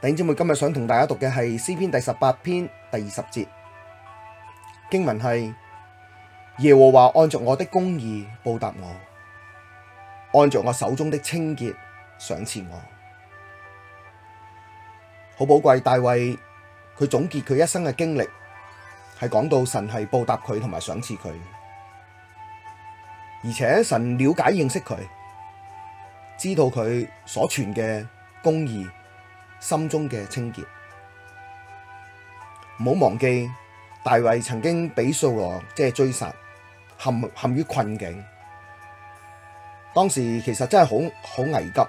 弟兄姊妹，今日想同大家讀嘅係詩篇第十八篇第二十節經文係：耶和華按着我的公義報答我，按着我手中的清潔賞賜我。好寶貴，大衛佢總結佢一生嘅經歷，係講到神係報答佢同埋賞賜佢，而且神了解認識佢，知道佢所傳嘅公義。心中嘅清潔，唔好忘記，大衛曾經俾掃羅即係、就是、追殺，陷陷於困境。當時其實真係好好危急，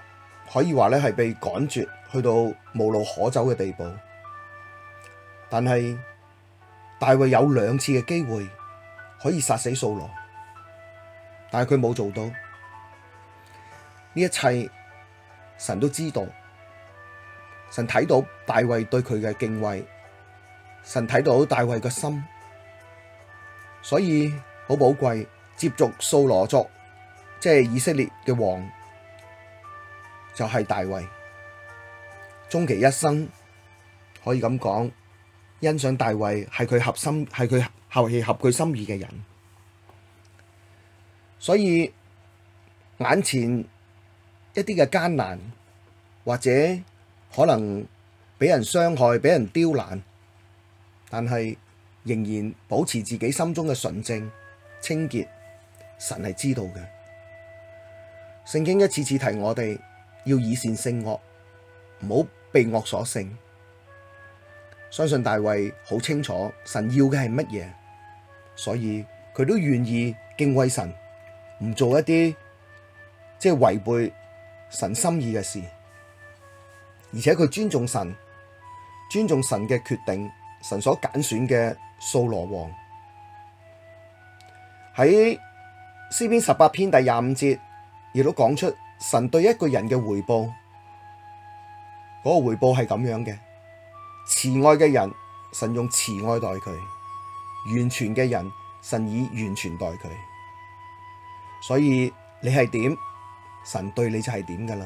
可以話咧係被趕絕去到無路可走嘅地步。但係大衛有兩次嘅機會可以殺死掃羅，但係佢冇做到。呢一切神都知道。神睇到大衛對佢嘅敬畏，神睇到大衛嘅心，所以好寶貴。接續掃羅作，即係以色列嘅王，就係、是、大衛。終其一生，可以咁講，欣賞大衛係佢合心，係佢后棄合佢心意嘅人。所以眼前一啲嘅艱難或者，可能俾人傷害、俾人刁難，但係仍然保持自己心中嘅純正、清潔，神係知道嘅。聖經一次次提我哋要以善勝惡，唔好被惡所勝。相信大衛好清楚神要嘅係乜嘢，所以佢都願意敬畏神，唔做一啲即係違背神心意嘅事。而且佢尊重神，尊重神嘅決定，神所揀選嘅掃羅王。喺詩篇十八篇第廿五節，亦都講出神對一個人嘅回報，嗰個回報係咁樣嘅，慈愛嘅人，神用慈愛待佢；完全嘅人，神以完全待佢。所以你係點，神對你就係點噶啦。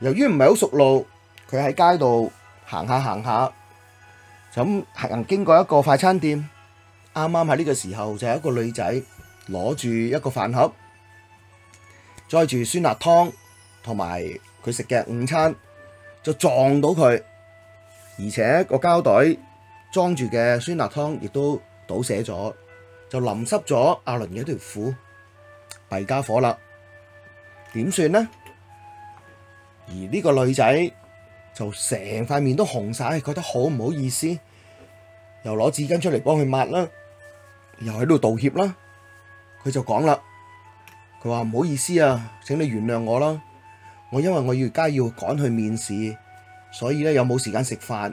由於唔係好熟路，佢喺街度行下行下，就咁行經過一個快餐店，啱啱喺呢個時候就有一個女仔攞住一個飯盒，載住酸辣湯同埋佢食嘅午餐，就撞到佢，而且個膠袋裝住嘅酸辣湯亦都倒瀉咗，就淋濕咗阿倫嘅一條褲，弊家伙啦，點算呢？而呢個女仔就成塊面都紅晒，覺得好唔好意思，又攞紙巾出嚟幫佢抹啦，又喺度道歉啦。佢就講啦，佢話唔好意思啊，請你原諒我啦。我因為我要而家要趕去面試，所以咧又冇時間食飯。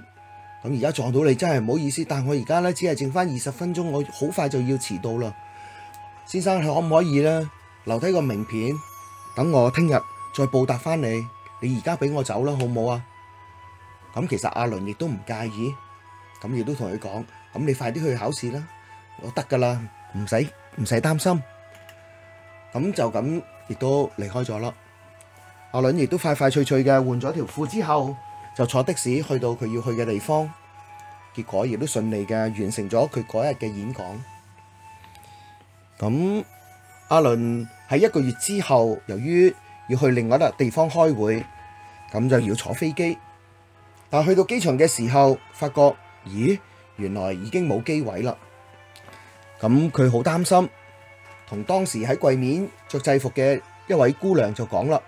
咁而家撞到你真係唔好意思，但係我而家咧只係剩翻二十分鐘，我好快就要遲到啦。先生，你可唔可以咧留低個名片，等我聽日再報答翻你？你而家俾我走啦，好唔好啊？咁其實阿倫亦都唔介意，咁亦都同佢講，咁你快啲去考試啦，我得㗎啦，唔使唔使擔心。咁就咁亦都離開咗啦。阿倫亦都快快脆脆嘅換咗條褲之後，就坐的士去到佢要去嘅地方，結果亦都順利嘅完成咗佢嗰一日嘅演講。咁阿倫喺一個月之後，由于要去另外一笪地方開會，咁就要坐飛機。但去到機場嘅時候，發覺咦，原來已經冇機位啦。咁佢好擔心，同當時喺櫃面著制服嘅一位姑娘就講啦：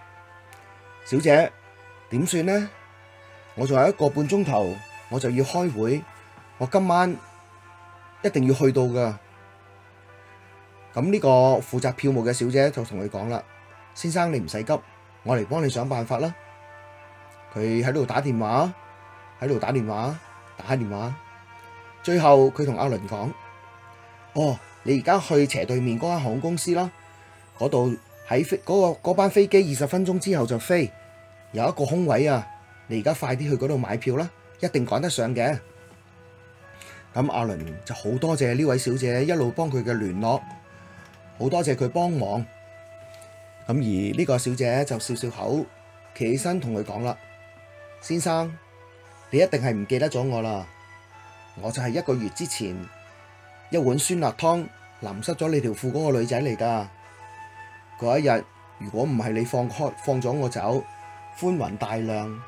小姐，點算呢？我仲有一個半鐘頭，我就要開會，我今晚一定要去到噶。咁呢個負責票務嘅小姐就同佢講啦。先生，你唔使急，我嚟幫你想辦法啦。佢喺度打電話，喺度打電話，打電話。最後佢同阿倫講：哦，你而家去斜對面嗰間航空公司啦，嗰度喺嗰個嗰班飛機二十分鐘之後就飛，有一個空位啊！你而家快啲去嗰度買票啦，一定趕得上嘅。咁阿倫就好多謝呢位小姐一路幫佢嘅聯絡，好多謝佢幫忙。咁而呢個小姐就笑笑口，企起身同佢講啦：先生，你一定係唔記得咗我啦！我就係一個月之前一碗酸辣湯淋濕咗你條褲嗰個女仔嚟噶。嗰一日如果唔係你放開放咗我走，寬宏大量，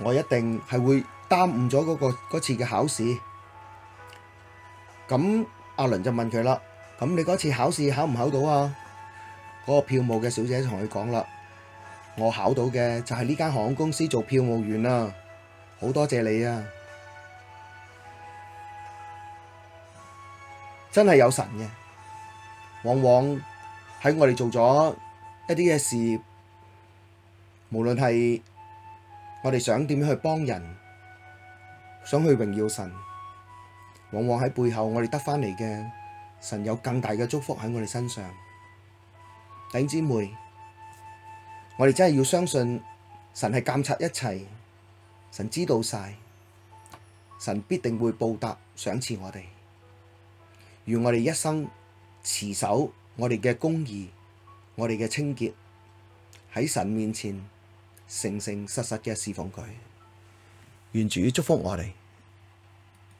我一定係會耽誤咗嗰、嗰個嗰次嘅考試。咁阿倫就問佢啦：咁你嗰次考試考唔考到啊？嗰個票務嘅小姐同佢講啦，我考到嘅，就係呢間航空公司做票務員啦，好多謝你啊！真係有神嘅，往往喺我哋做咗一啲嘅事，無論係我哋想點樣去幫人，想去榮耀神，往往喺背後我哋得翻嚟嘅，神有更大嘅祝福喺我哋身上。弟兄姊妹，我哋真係要相信神係監察一切，神知道晒，神必定會報答賞賜我哋。願我哋一生持守我哋嘅公義，我哋嘅清潔喺神面前誠誠實實嘅侍奉佢。願主祝福我哋。